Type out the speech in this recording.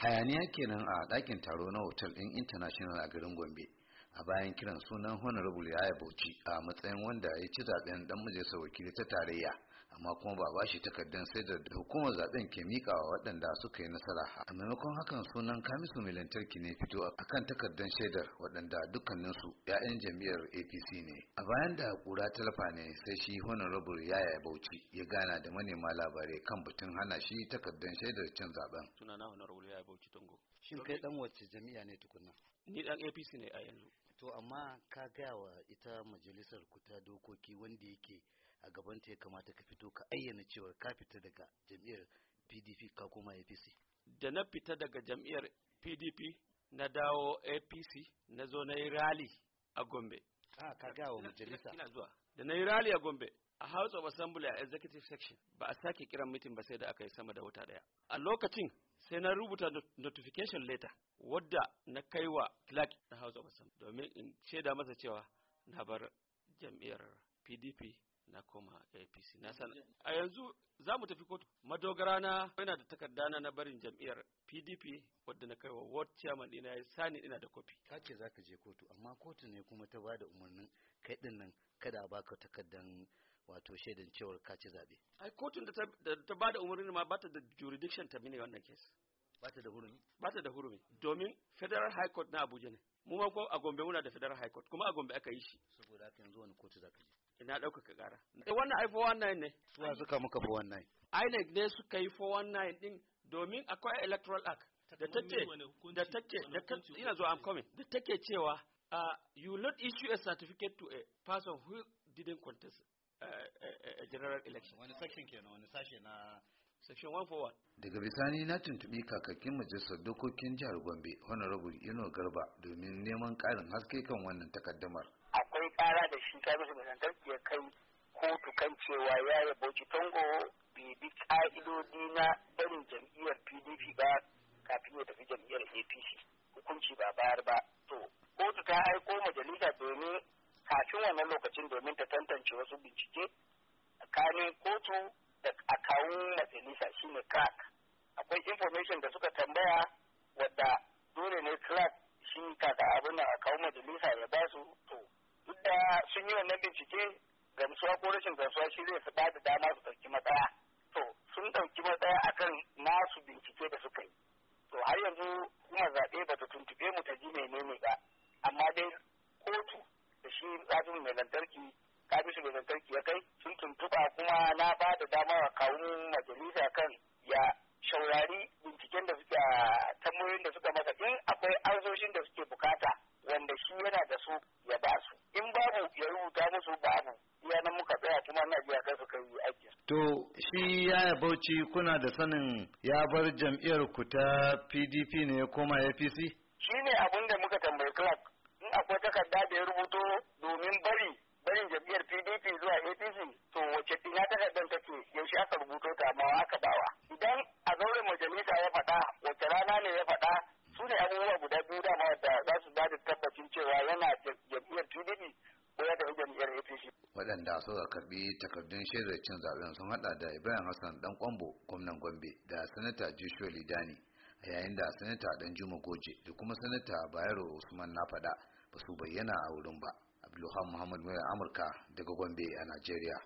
hayaniya kenan a ɗakin taro na hotel ɗin international a garin gombe a bayan kiran sunan honorable yaya bauchi a matsayin wanda ya ci zaben dan majalisar wakili ta tarayya amma kuma ba bashi takardar sai da hukumar zaben ke mika wa waɗanda suka yi nasara a maimakon hakan sunan kamisu mai lantarki ne fito a kan takardar shaidar waɗanda dukkaninsu 'ya'yan jami'ar apc ne a bayan da kura talafa ne sai shi honorable yaya bauchi ya gana da manema labarai kan batun hana shi takardar shaidar cin zaben sunana honorable yaya bauchi tongo shin kai dan wacce jami'a ne tukunna ni dan apc ne a yanzu to amma ka gaya wa ita majalisar kuta dokoki wanda yake a gabanta ya kamata ka fito ka ayyana cewa ka fita daga jam'iyyar pdp ka kuma apc da na fita daga jam'iyyar pdp na dawo apc na zo na yi rali a gombe a ah, ka gawa majalisa ina zuwa da na yi rali a gombe a house of assembly a executive section ba a sake kiran mitin ba sai da aka yi sama da wata daya a lokacin sai na rubuta notification letter wadda na kai wa clerk na house of assembly domin in shaida masa cewa na bar jam'iyyar pdp na koma apc na san a yanzu za mu tafi kotu madogara na yana da takarda na barin jam'iyyar pdp wadda na kai wa ward chairman ɗin ya sani ina da kofi ka ce za ka je kotu amma kotu ne kuma ta ba da umarnin kai ɗin nan kada ba baka takardan wato shaidan cewar ka ci zaɓe ai kotun da ta ba da umarnin ma ba ta da jurisdiction ta mini wannan kes ba ta da hurumi ba ta da hurumi domin federal high court na abuja ne mu ma ko a Gombe muna da Federal High Court kuma a Gombe aka yi shi saboda haka yanzu wani kotu za ka je ina ɗaukaka ƙara eh, wannan ai 419 ne suwa suka muka 419 INEC ne suka yi 419 din domin akwai electoral act da take da take da ina zuwa I'm coming da take cewa uh, you not issue a certificate to a person who didn't contest uh, a, general election wani section kenan wani sashe na section 141 daga bisani na tuntubi kakakin majalisar dokokin jihar gombe honorable ino garba domin neman karin haske kan wannan takaddamar kara da shi ta bisa lantarki ya kai kotu kan cewa ya yi bauchi tongo bai bi ka'idodi na barin jam'iyyar pdp ba kafin ya tafi jam'iyyar apc hukunci ba bayar ba to kotu ta aiko majalisa domin kafin wannan lokacin domin ta tantance wasu bincike tsakanin kotu da akawun majalisa shine crack akwai information da suka tambaya wadda dole ne crack shi kaka abin da akawun majalisa ya su to da sun yi wannan bincike gamsuwa ko rashin gamsuwa shi zai su bada dama su ɗauki matsaya to sun ɗauki matsaya akan nasu bincike da suka yi to har yanzu kuma zaɓe ba ta tuntuɓe mu ta ji menene ba amma dai kotu da shi zafin mai lantarki kabisu mai lantarki ya kai sun tuntuɓa kuma na ba da dama wa kawun majalisa kan ya shaurari binciken da suka tambayoyin da suka masa in akwai arzoshin da suke bukata wanda shi yana da su ya ba su in babu ya rubuta musu babu iya nan muka tsaya kuma na biya kai su kai aiki. To shi yaya Bauchi kuna da sanin ya bar jam'iyyar ku ta PDP ne ya koma APC? Shi ne abin da muka tambayi clerk in akwai takarda da ya rubuto domin bari barin jam'iyyar PDP zuwa APC to wace ina takardar abubuwa guda biyu dama da za su ba da tabbacin cewa yana jam'iyyar tudubi ko ya tafi jam'iyyar APC. Waɗanda suka karɓi takardun shaidar cin zaɓen sun haɗa da Ibrahim Hassan Dan Kwambo gwamnan Gombe da Sanata Joshua Lidani a yayin da Sanata Dan Juma Goje da kuma Sanata Bayero Usman na Nafaɗa ba su bayyana a wurin ba. Abdulhamid Muhammad Mura Amurka daga Gombe a Najeriya.